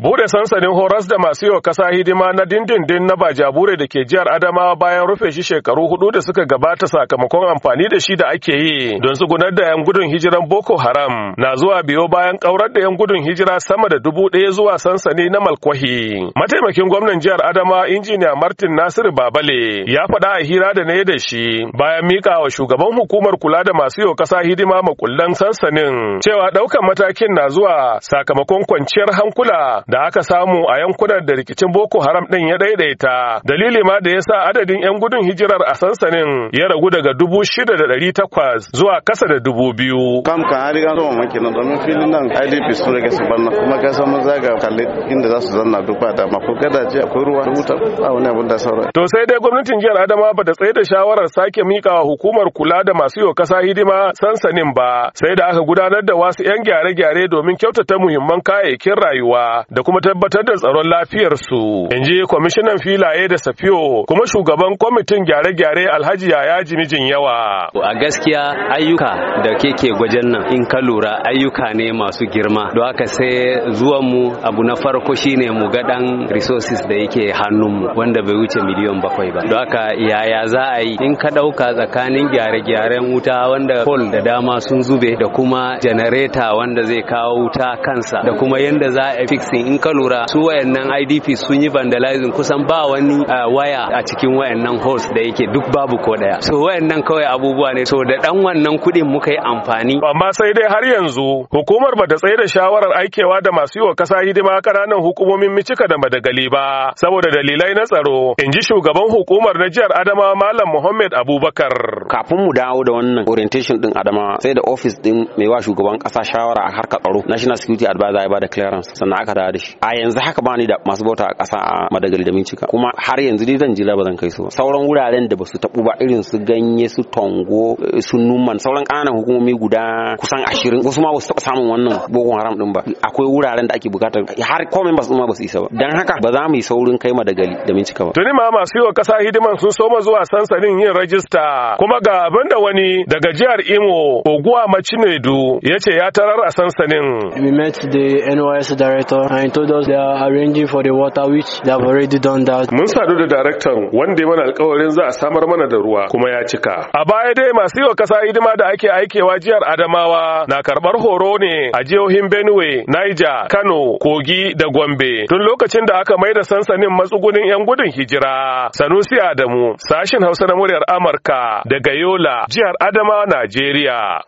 Bude sansanin horas da masu yau kasa hidima na dindindin na Bajabure da ke jihar Adamawa bayan rufe shi shekaru hudu da suka gabata sakamakon amfani da shi da ake yi don su gudanar da 'yan gudun hijiran Boko Haram na zuwa biyo bayan kaurar da 'yan gudun hijira sama da dubu ɗaya zuwa sansani na Malkwahi. Mataimakin gwamnan jihar Adamawa injiniya Martin Nasiru Babale ya faɗa a hira da na yi da shi bayan mika wa shugaban hukumar kula da masu yau kasa hidima makullan sansanin cewa ɗaukan matakin na zuwa sakamakon kwanciyar hankula da aka samu a yankunan da rikicin Boko Haram din ya daidaita dalili ma da yasa adadin 'yan gudun hijirar a sansanin ya ragu daga dubu shida da ɗari takwas zuwa kasa da dubu biyu. Kam kan an riga zama maki nan domin filin nan IDP sun rage su barna kuma ka san mun zaga kalle inda za su zanna duk ba dama ko gadaje akwai ruwa da wuta ba wani abin da sauran. To sai dai gwamnatin jihar Adama ba ta tsaye da shawarar sake mika wa hukumar kula da masu yau kasa hidima sansanin ba sai da aka gudanar da wasu 'yan gyare-gyare domin kyautata muhimman kayayyakin rayuwa da da kuma tabbatar da tsaron lafiyarsu in ji kwamishinan filaye da safiyo kuma shugaban kwamitin gyare-gyare alhaji yaya jimijin yawa a gaskiya ayyuka da keke gwajen nan in ka lura ayyuka ne masu girma don haka sai zuwan mu abu na farko shine mu ga dan resources da yake hannun mu wanda bai wuce miliyan bakwai ba don haka yaya za a yi in ka dauka tsakanin gyare-gyaren wuta wanda pole da dama sun zube da kuma janareta wanda zai kawo wuta kansa da kuma yanda za a fixing in ka lura su wayannan IDP sun yi vandalizing kusan ba wani waya a cikin wayannan host da yake duk babu ko daya so wayannan kawai abubuwa ne so da dan wannan kudin muka yi amfani amma sai dai har yanzu hukumar bata tsaye da shawarar aikewa da masu yi wa kasa hidima kananan hukumomin Micika da Madagali ba saboda dalilai na tsaro in ji shugaban hukumar na jihar Adama Malam Muhammad Abubakar kafin mu dawo da wannan orientation din Adama sai da office din mai wa shugaban kasa shawara a harkar tsaro National Security Advisor ya bada clearance sannan aka dawo da shi a yanzu haka bani da masu bauta a kasa a madagali da mincika kuma har yanzu dai zan jira ba zan kai su sauran wuraren da basu tabu ba irin su ganye su tongo su numan sauran ƙananan hukumomi guda kusan ashirin wasu ma basu taɓa samun wannan bogon haram din ba akwai wuraren da ake bukatar har komai basu ma basu isa ba dan haka ba za mu yi saurin kai madagali da mincika ba tuni ma masu yi wa ƙasa hidiman sun soma zuwa sansanin yin rajista kuma ga abin da wani daga jihar Imo Oguwa macinedu ya ce ya tarar a sansanin. We met the NYS director told us they are arranging for the water which they have already done that. Mun sadu da daraktan wanda ya mana alkawarin za a samar mana da ruwa kuma ya cika. A baya dai masu yi wa kasa hidima da ake aikewa jihar Adamawa na karbar horo ne a jihohin Benue, Niger, Kano, Kogi da Gombe. Tun lokacin da aka mai da sansanin matsugunin 'yan gudun hijira. Sanusi Adamu, sashin Hausa na muryar Amurka daga Yola, jihar Adamawa, Najeriya.